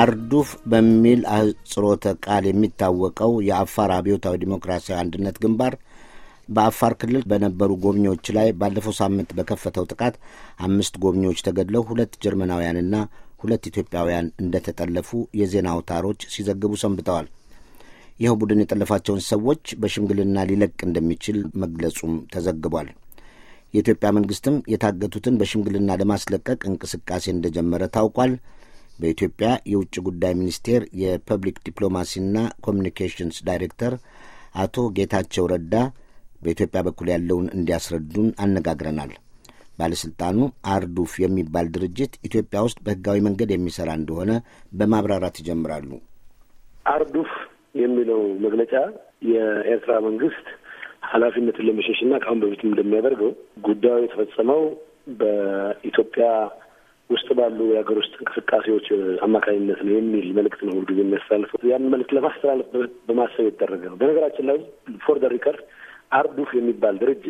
አርዱፍ በሚል አጽሮተ ቃል የሚታወቀው የአፋር አብዮታዊ ዲሞክራሲያዊ አንድነት ግንባር በአፋር ክልል በነበሩ ጎብኚዎች ላይ ባለፈው ሳምንት በከፈተው ጥቃት አምስት ጎብኚዎች ተገድለው ሁለት ጀርመናውያንና ሁለት ኢትዮጵያውያን እንደተጠለፉ የዜና አውታሮች ሲዘግቡ ሰንብተዋል። ይኸው ቡድን የጠለፋቸውን ሰዎች በሽምግልና ሊለቅ እንደሚችል መግለጹም ተዘግቧል። የኢትዮጵያ መንግስትም የታገቱትን በሽምግልና ለማስለቀቅ እንቅስቃሴ እንደጀመረ ታውቋል። በኢትዮጵያ የውጭ ጉዳይ ሚኒስቴር የፐብሊክ ዲፕሎማሲና ኮሚኒኬሽንስ ዳይሬክተር አቶ ጌታቸው ረዳ በኢትዮጵያ በኩል ያለውን እንዲያስረዱን አነጋግረናል። ባለሥልጣኑ አርዱፍ የሚባል ድርጅት ኢትዮጵያ ውስጥ በሕጋዊ መንገድ የሚሠራ እንደሆነ በማብራራት ይጀምራሉ። አርዱፍ የሚለው መግለጫ የኤርትራ መንግስት ኃላፊነትን ለመሸሽና ከአሁን በፊትም እንደሚያደርገው ጉዳዩ የተፈጸመው በኢትዮጵያ ውስጥ ባሉ የሀገር ውስጥ እንቅስቃሴዎች አማካኝነት ነው የሚል መልእክት ነው ሁልጊዜ የሚያስተላልፈው። ያን መልእክት ለማስተላለፍ በማሰብ የተደረገ ነው። በነገራችን ላይ ፎር ደ ሪከርድ አርዱፍ የሚባል ድርጅት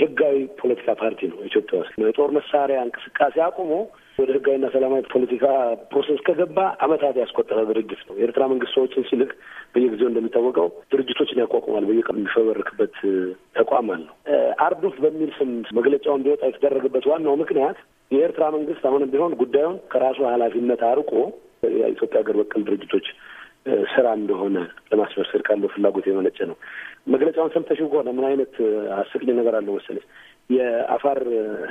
ህጋዊ ፖለቲካ ፓርቲ ነው ኢትዮጵያ ውስጥ። የጦር መሳሪያ እንቅስቃሴ አቁሞ ወደ ህጋዊና ሰላማዊ ፖለቲካ ፕሮሰስ ከገባ አመታት ያስቆጠረ ድርጅት ነው። የኤርትራ መንግስት ሰዎችን ሲልክ በየጊዜው እንደሚታወቀው ድርጅቶችን ያቋቁማል። በየቀኑ የሚፈበርክበት ተቋም አለው። አርዱፍ በሚል ስም መግለጫው እንዲወጣ የተደረገበት ዋናው ምክንያት የኤርትራ መንግስት አሁንም ቢሆን ጉዳዩን ከራሱ ኃላፊነት አርቆ የኢትዮጵያ ሀገር በቀል ድርጅቶች ስራ እንደሆነ ለማስመሰል ካለው ፍላጎት የመነጨ ነው። መግለጫውን ሰምተሽው ከሆነ ምን አይነት አስቂኝ ነገር አለው መሰለሽ? የአፋር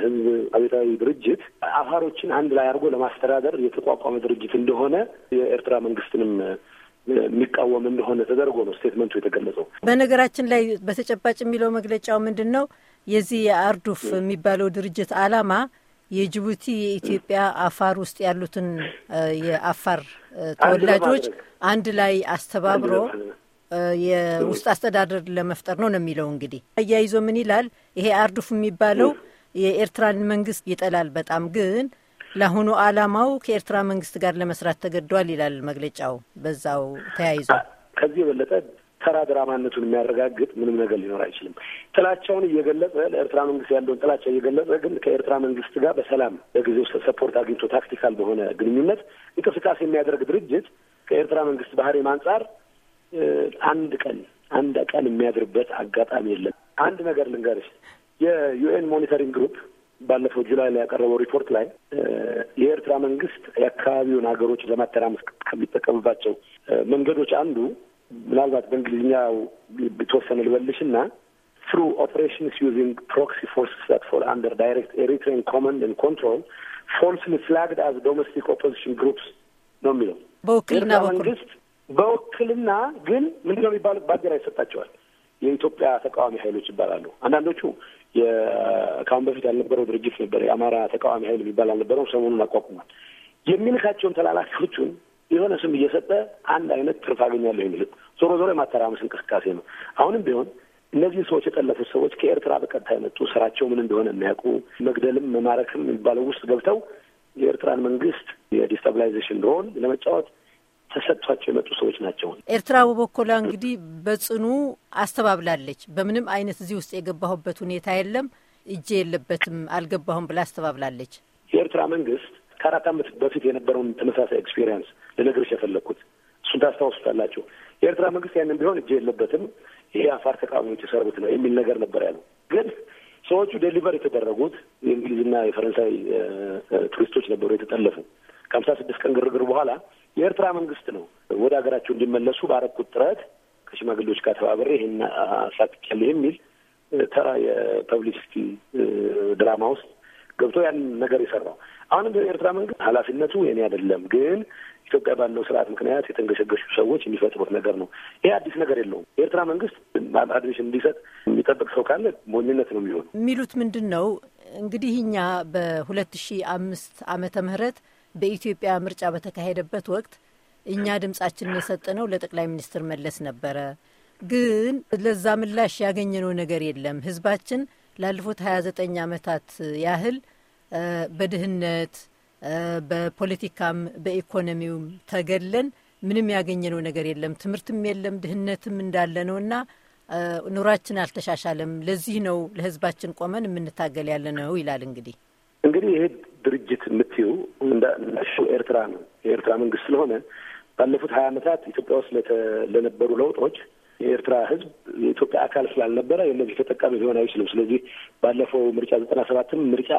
ህዝብ አቤታዊ ድርጅት አፋሮችን አንድ ላይ አድርጎ ለማስተዳደር የተቋቋመ ድርጅት እንደሆነ የኤርትራ መንግስትንም የሚቃወም እንደሆነ ተደርጎ ነው ስቴትመንቱ የተገለጸው። በነገራችን ላይ በተጨባጭ የሚለው መግለጫው ምንድን ነው? የዚህ የአርዱፍ የሚባለው ድርጅት አላማ የጅቡቲ የኢትዮጵያ፣ አፋር ውስጥ ያሉትን የአፋር ተወላጆች አንድ ላይ አስተባብሮ የውስጥ አስተዳደር ለመፍጠር ነው ነው የሚለው። እንግዲህ አያይዞ ምን ይላል? ይሄ አርዱፍ የሚባለው የኤርትራን መንግስት ይጠላል በጣም ግን ለአሁኑ አላማው ከኤርትራ መንግስት ጋር ለመስራት ተገዷል ይላል መግለጫው። በዛው ተያይዞ ከዚህ የበለጠ ተራ ድራማነቱን የሚያረጋግጥ ምንም ነገር ሊኖር አይችልም። ጥላቻውን እየገለጸ ለኤርትራ መንግስት ያለውን ጥላቻ እየገለጸ ግን ከኤርትራ መንግስት ጋር በሰላም በጊዜው ሰፖርት አግኝቶ ታክቲካል በሆነ ግንኙነት እንቅስቃሴ የሚያደርግ ድርጅት ከኤርትራ መንግስት ባህሪም አንጻር አንድ ቀን አንድ ቀን የሚያድርበት አጋጣሚ የለም። አንድ ነገር ልንገርሽ፣ የዩኤን ሞኒተሪንግ ግሩፕ ባለፈው ጁላይ ላይ ያቀረበው ሪፖርት ላይ የኤርትራ መንግስት የአካባቢውን ሀገሮች ለማተራመስ ከሚጠቀምባቸው መንገዶች አንዱ ምናልባት በእንግሊዝኛው የተወሰነ ልበልሽ ና ትሩ ኦፕሬሽንስ ዩዚንግ ፕሮክሲ ፎርስስ ዛት ፎል አንደር ዳይሬክት ኤሪትሪያን ኮማንድ ኤንድ ኮንትሮል ፎልስሊ ፍላግድ አዝ ዶሜስቲክ ኦፖዚሽን ግሩፕስ ነው የሚለው በውክልና መንግስት በውክልና ግን ምንድን ነው የሚባሉት? ባንዲራ ይሰጣቸዋል። የኢትዮጵያ ተቃዋሚ ሀይሎች ይባላሉ። አንዳንዶቹ ከአሁን በፊት ያልነበረው ድርጅት ነበር፣ የአማራ ተቃዋሚ ኃይል የሚባል አልነበረውም። ሰሞኑን አቋቁሟል። የሚልካቸውን ተላላፊዎቹን የሆነ ስም እየሰጠ አንድ አይነት ትርፍ አገኛለሁ የሚል ዞሮ ዞሮ የማተራመስ እንቅስቃሴ ነው። አሁንም ቢሆን እነዚህ ሰዎች የጠለፉት ሰዎች ከኤርትራ በቀጥታ የመጡ ስራቸው ምን እንደሆነ የሚያውቁ መግደልም መማረክም የሚባለው ውስጥ ገብተው የኤርትራን መንግስት የዲስታብላይዜሽን ሮል ለመጫወት ተሰጥቷቸው የመጡ ሰዎች ናቸው። ኤርትራ በበኩሏ እንግዲህ በጽኑ አስተባብላለች። በምንም አይነት እዚህ ውስጥ የገባሁበት ሁኔታ የለም፣ እጄ የለበትም፣ አልገባሁም ብላ አስተባብላለች። የኤርትራ መንግስት ከአራት ዓመት በፊት የነበረውን ተመሳሳይ ኤክስፔሪንስ ልነግርሽ የፈለግኩት እሱን ታስታውሱታላቸው። የኤርትራ መንግስት ያንን ቢሆን እጅ የለበትም ይሄ አፋር ተቃዋሚዎች የሰሩት ነው የሚል ነገር ነበር ያሉ። ግን ሰዎቹ ዴሊቨር የተደረጉት የእንግሊዝና የፈረንሳይ ቱሪስቶች ነበሩ የተጠለፉ። ከሀምሳ ስድስት ቀን ግርግር በኋላ የኤርትራ መንግስት ነው ወደ ሀገራቸው እንዲመለሱ ባረኩት ጥረት ከሽማግሌዎች ጋር ተባብሬ ይህን አሳክቻለሁ የሚል ተራ የፐብሊሲቲ ድራማ ውስጥ ገብቶ ያንን ነገር የሰራው አሁንም በኤርትራ መንግስት ኃላፊነቱ የኔ አይደለም ግን ኢትዮጵያ ባለው ስርዓት ምክንያት የተንገሸገሹ ሰዎች የሚፈጥሩት ነገር ነው። ይሄ አዲስ ነገር የለውም። የኤርትራ መንግስት አድሚሽን እንዲሰጥ የሚጠብቅ ሰው ካለ ሞኝነት ነው የሚሆኑ የሚሉት ምንድን ነው እንግዲህ እኛ በሁለት ሺ አምስት አመተ ምህረት በኢትዮጵያ ምርጫ በተካሄደበት ወቅት እኛ ድምጻችንን የሰጠነው ለጠቅላይ ሚኒስትር መለስ ነበረ። ግን ለዛ ምላሽ ያገኘነው ነገር የለም። ህዝባችን ላለፉት ሀያ ዘጠኝ ዓመታት ያህል በድህነት በፖለቲካም በኢኮኖሚውም ተገለን ምንም ያገኘነው ነገር የለም። ትምህርትም የለም፣ ድህነትም እንዳለ ነውና ኑሯችን አልተሻሻለም። ለዚህ ነው ለህዝባችን ቆመን የምንታገል ያለ ነው ይላል። እንግዲህ እንግዲህ ይሄ ድርጅት የምትይው እንዳሹ ኤርትራ ነው የኤርትራ መንግስት ስለሆነ ባለፉት ሀያ አመታት ኢትዮጵያ ውስጥ ለነበሩ ለውጦች የኤርትራ ህዝብ የኢትዮጵያ አካል ስላልነበረ የእነዚህ ተጠቃሚ ሊሆን አይችልም። ስለዚህ ባለፈው ምርጫ ዘጠና ሰባትም ምርጫ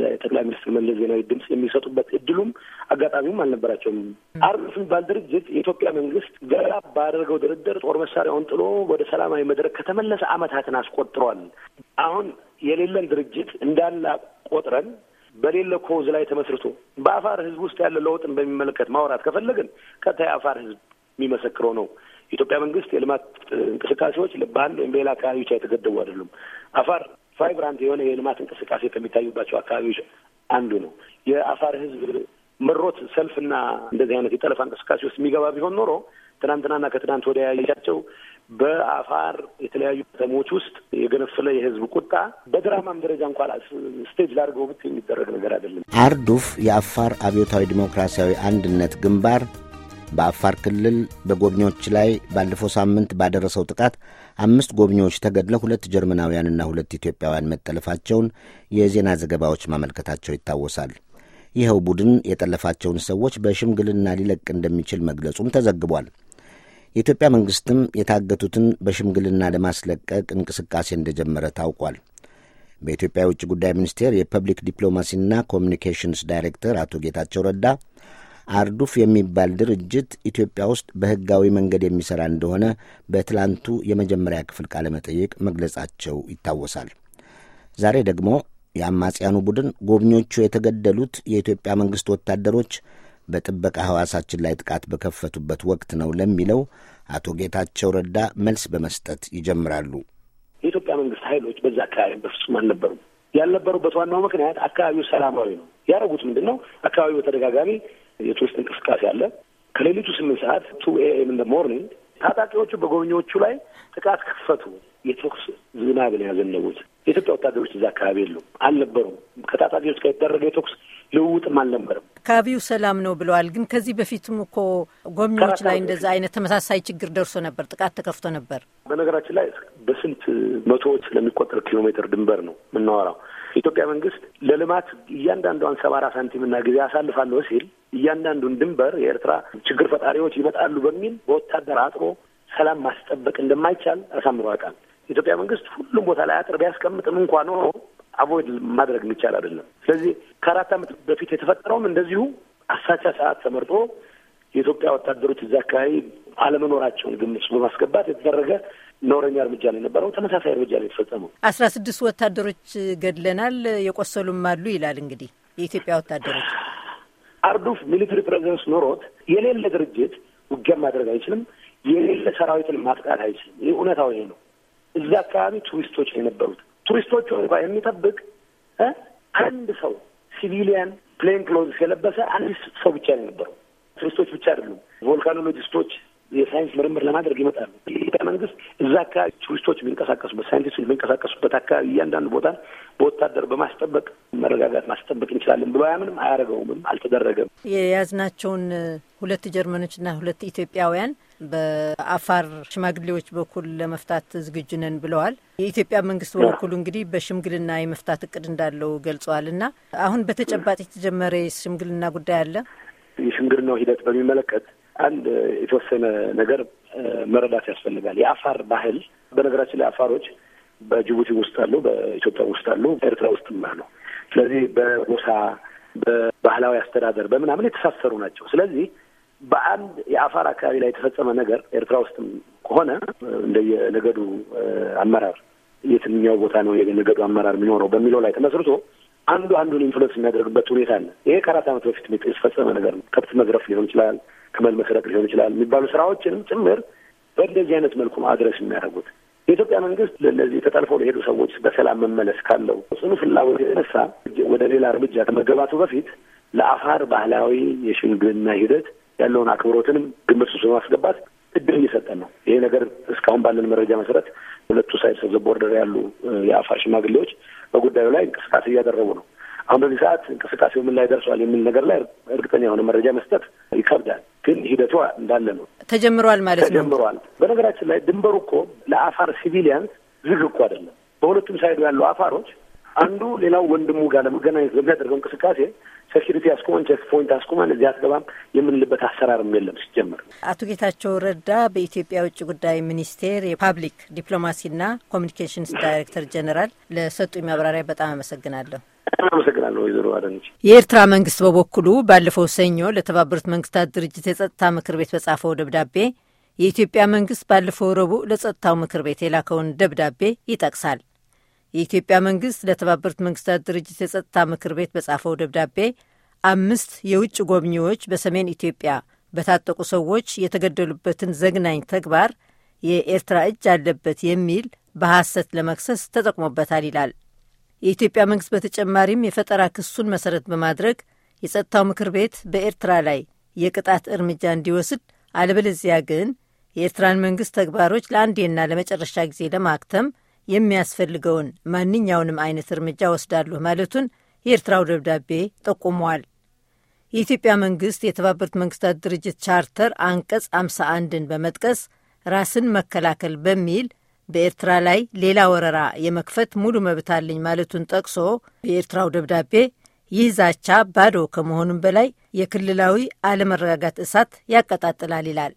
ለጠቅላይ ሚኒስትር መለስ ዜናዊ ድምፅ የሚሰጡበት እድሉም አጋጣሚውም አልነበራቸውም። አርብ የሚባል ድርጅት የኢትዮጵያ መንግስት ገራ ባደረገው ድርድር ጦር መሳሪያውን ጥሎ ወደ ሰላማዊ መድረክ ከተመለሰ አመታትን አስቆጥሯል። አሁን የሌለን ድርጅት እንዳለ ቆጥረን በሌለ ኮዝ ላይ ተመስርቶ በአፋር ህዝብ ውስጥ ያለ ለውጥን በሚመለከት ማውራት ከፈለግን ቀጥታ የአፋር ህዝብ የሚመሰክረው ነው። የኢትዮጵያ መንግስት የልማት እንቅስቃሴዎች በአንድ ወይም በሌላ አካባቢ ብቻ የተገደቡ አይደሉም። አፋር ቫይብራንት የሆነ የልማት እንቅስቃሴ ከሚታዩባቸው አካባቢዎች አንዱ ነው። የአፋር ህዝብ መሮት ሰልፍና እንደዚህ አይነት የጠለፋ እንቅስቃሴ ውስጥ የሚገባ ቢሆን ኖሮ ትናንትናና ከትናንት ወዲያ ያየቻቸው በአፋር የተለያዩ ከተሞች ውስጥ የገነፈለ የህዝብ ቁጣ በድራማም ደረጃ እንኳ ስቴጅ ላድርገው ብት የሚደረግ ነገር አይደለም። አርዱፍ የአፋር አብዮታዊ ዲሞክራሲያዊ አንድነት ግንባር በአፋር ክልል በጎብኚዎች ላይ ባለፈው ሳምንት ባደረሰው ጥቃት አምስት ጎብኚዎች ተገድለው ሁለት ጀርመናውያንና ሁለት ኢትዮጵያውያን መጠለፋቸውን የዜና ዘገባዎች ማመልከታቸው ይታወሳል። ይኸው ቡድን የጠለፋቸውን ሰዎች በሽምግልና ሊለቅ እንደሚችል መግለጹም ተዘግቧል። የኢትዮጵያ መንግስትም የታገቱትን በሽምግልና ለማስለቀቅ እንቅስቃሴ እንደጀመረ ታውቋል። በኢትዮጵያ የውጭ ጉዳይ ሚኒስቴር የፐብሊክ ዲፕሎማሲና ኮሚኒኬሽንስ ዳይሬክተር አቶ ጌታቸው ረዳ አርዱፍ የሚባል ድርጅት ኢትዮጵያ ውስጥ በሕጋዊ መንገድ የሚሠራ እንደሆነ በትላንቱ የመጀመሪያ ክፍል ቃለ መጠይቅ መግለጻቸው ይታወሳል። ዛሬ ደግሞ የአማጽያኑ ቡድን ጎብኚዎቹ የተገደሉት የኢትዮጵያ መንግሥት ወታደሮች በጥበቃ ሐዋሳችን ላይ ጥቃት በከፈቱበት ወቅት ነው ለሚለው አቶ ጌታቸው ረዳ መልስ በመስጠት ይጀምራሉ። የኢትዮጵያ መንግስት ኃይሎች በዛ አካባቢ በፍጹም አልነበሩም። ያልነበሩበት ዋናው ምክንያት አካባቢው ሰላማዊ ነው። ያደረጉት ምንድን ነው? አካባቢው በተደጋጋሚ የቱሪስት እንቅስቃሴ አለ። ከሌሊቱ ስምንት ሰዓት ቱ ኤኤም እንደ ሞርኒንግ ታጣቂዎቹ በጎብኚዎቹ ላይ ጥቃት ከፈቱ። የተኩስ ዝናብ ነው ያዘነቡት። የኢትዮጵያ ወታደሮች እዛ አካባቢ የሉም አልነበሩም። ከታጣቂዎች ጋር የተደረገ የተኩስ ልውውጥም አልነበርም። አካባቢው ሰላም ነው ብለዋል። ግን ከዚህ በፊትም እኮ ጎብኚዎች ላይ እንደዛ አይነት ተመሳሳይ ችግር ደርሶ ነበር፣ ጥቃት ተከፍቶ ነበር። በነገራችን ላይ በስንት መቶዎች ስለሚቆጠር ኪሎ ሜትር ድንበር ነው የምናወራው። የኢትዮጵያ መንግስት ለልማት እያንዳንዷን ሰባራ ሳንቲምና ጊዜ አሳልፋለሁ ሲል እያንዳንዱን ድንበር የኤርትራ ችግር ፈጣሪዎች ይመጣሉ በሚል በወታደር አጥሮ ሰላም ማስጠበቅ እንደማይቻል አሳምሮ ያውቃል። የኢትዮጵያ መንግስት ሁሉም ቦታ ላይ አጥር ቢያስቀምጥም እንኳ ኖሮ አቮይድ ማድረግ የሚቻል አይደለም። ስለዚህ ከአራት ዓመት በፊት የተፈጠረውም እንደዚሁ አሳቻ ሰዓት ተመርጦ የኢትዮጵያ ወታደሮች እዚ አካባቢ አለመኖራቸውን ግምት በማስገባት የተደረገ ነውረኛ እርምጃ ነው የነበረው። ተመሳሳይ እርምጃ ነው የተፈጸመው። አስራ ስድስት ወታደሮች ገድለናል፣ የቆሰሉም አሉ ይላል እንግዲህ የኢትዮጵያ ወታደሮች አርዱፍ ሚሊትሪ ፕሬዘንስ ኖሮት የሌለ ድርጅት ውጊያ ማድረግ አይችልም። የሌለ ሰራዊትን ማጥቃት አይችልም። ይህ እውነታው ይሄ ነው። እዚህ አካባቢ ቱሪስቶች ነው የነበሩት። ቱሪስቶቹ እንኳ የሚጠብቅ አንድ ሰው ሲቪሊያን ፕሌን ክሎዝ የለበሰ አንድ ሰው ብቻ ነው የነበረው። ቱሪስቶች ብቻ አይደሉም፣ ቮልካኖሎጂስቶች የሳይንስ ምርምር ለማድረግ ይመጣሉ። ኢትዮጵያ መንግስት እዛ አካባቢ ቱሪስቶች የሚንቀሳቀሱበት፣ ሳይንቲስቶች የሚንቀሳቀሱበት አካባቢ እያንዳንዱ ቦታ በወታደር በማስጠበቅ መረጋጋት ማስጠበቅ እንችላለን ብሎ አያምንም፣ አያደርገውምም፣ አልተደረገም። የያዝናቸውን ሁለት ጀርመኖችና ሁለት ኢትዮጵያውያን በአፋር ሽማግሌዎች በኩል ለመፍታት ዝግጁ ነን ብለዋል። የኢትዮጵያ መንግስት በበኩሉ እንግዲህ በሽምግልና የመፍታት እቅድ እንዳለው ገልጸዋል። እና አሁን በተጨባጭ የተጀመረ የሽምግልና ጉዳይ አለ። የሽምግልናው ሂደት በሚመለከት አንድ የተወሰነ ነገር መረዳት ያስፈልጋል። የአፋር ባህል በነገራችን ላይ አፋሮች በጅቡቲ ውስጥ አሉ፣ በኢትዮጵያ ውስጥ አሉ፣ ኤርትራ ውስጥም አሉ። ስለዚህ በጎሳ በባህላዊ አስተዳደር በምናምን የተሳሰሩ ናቸው። ስለዚህ በአንድ የአፋር አካባቢ ላይ የተፈጸመ ነገር ኤርትራ ውስጥም ከሆነ እንደየነገዱ አመራር የትኛው ቦታ ነው የነገዱ አመራር የሚኖረው በሚለው ላይ ተመስርቶ አንዱ አንዱን ኢንፍሉዌንስ የሚያደርግበት ሁኔታ አለ። ይሄ ከአራት ዓመት በፊት የተፈጸመ ነገር ነው። ከብት መዝረፍ ሊሆን ይችላል፣ ግመል መስረቅ ሊሆን ይችላል የሚባሉ ስራዎችንም ጭምር በእንደዚህ አይነት መልኩ ነው አድረስ የሚያደርጉት። የኢትዮጵያ መንግስት ለእነዚህ ተጠልፈው ለሄዱ ሰዎች በሰላም መመለስ ካለው ጽኑ ፍላጎት የተነሳ ወደ ሌላ እርምጃ ከመገባቱ በፊት ለአፋር ባህላዊ የሽምግልና ሂደት ያለውን አክብሮትንም ግምት ውስጥ በማስገባት እድል እየሰጠን ነው። ይሄ ነገር እስካሁን ባለን መረጃ መሰረት ሁለቱ ሳይድ ሰብዘ ቦርደር ያሉ የአፋር ሽማግሌዎች በጉዳዩ ላይ እንቅስቃሴ እያደረጉ ነው። አሁን በዚህ ሰዓት እንቅስቃሴው ምን ላይ ደርሷል የሚል ነገር ላይ እርግጠኛ የሆነ መረጃ መስጠት ይከብዳል። ግን ሂደቷ እንዳለ ነው። ተጀምሯል ማለት ነው። ተጀምሯል። በነገራችን ላይ ድንበሩ እኮ ለአፋር ሲቪሊያንስ ዝግ እኮ አይደለም። በሁለቱም ሳይዱ ያሉ አፋሮች አንዱ ሌላው ወንድሙ ጋር ለመገናኘት በሚያደርገው እንቅስቃሴ ሴኪሪቲ አስቁመን ቼክ ፖይንት አስቁመን እዚህ አትገባም የምንልበት አሰራርም የለም። ሲጀምር አቶ ጌታቸው ረዳ በኢትዮጵያ ውጭ ጉዳይ ሚኒስቴር የፓብሊክ ዲፕሎማሲና ኮሚኒኬሽንስ ዳይሬክተር ጀኔራል ለሰጡ ማብራሪያ በጣም አመሰግናለሁ። አመሰግናለሁ ወይዘሮ አዳነች። የኤርትራ መንግስት በበኩሉ ባለፈው ሰኞ ለተባበሩት መንግስታት ድርጅት የጸጥታ ምክር ቤት በጻፈው ደብዳቤ የኢትዮጵያ መንግስት ባለፈው ረቡዕ ለጸጥታው ምክር ቤት የላከውን ደብዳቤ ይጠቅሳል። የኢትዮጵያ መንግስት ለተባበሩት መንግስታት ድርጅት የጸጥታ ምክር ቤት በጻፈው ደብዳቤ አምስት የውጭ ጎብኚዎች በሰሜን ኢትዮጵያ በታጠቁ ሰዎች የተገደሉበትን ዘግናኝ ተግባር የኤርትራ እጅ አለበት የሚል በሐሰት ለመክሰስ ተጠቅሞበታል ይላል። የኢትዮጵያ መንግስት በተጨማሪም የፈጠራ ክሱን መሰረት በማድረግ የጸጥታው ምክር ቤት በኤርትራ ላይ የቅጣት እርምጃ እንዲወስድ፣ አለበለዚያ ግን የኤርትራን መንግስት ተግባሮች ለአንዴና ለመጨረሻ ጊዜ ለማክተም የሚያስፈልገውን ማንኛውንም አይነት እርምጃ ወስዳለሁ ማለቱን የኤርትራው ደብዳቤ ጠቁመዋል። የኢትዮጵያ መንግስት የተባበሩት መንግስታት ድርጅት ቻርተር አንቀጽ 5 ን በመጥቀስ ራስን መከላከል በሚል በኤርትራ ላይ ሌላ ወረራ የመክፈት ሙሉ መብት አለኝ ማለቱን ጠቅሶ የኤርትራው ደብዳቤ ይህ ዛቻ ባዶ ከመሆኑም በላይ የክልላዊ አለመረጋጋት እሳት ያቀጣጥላል ይላል።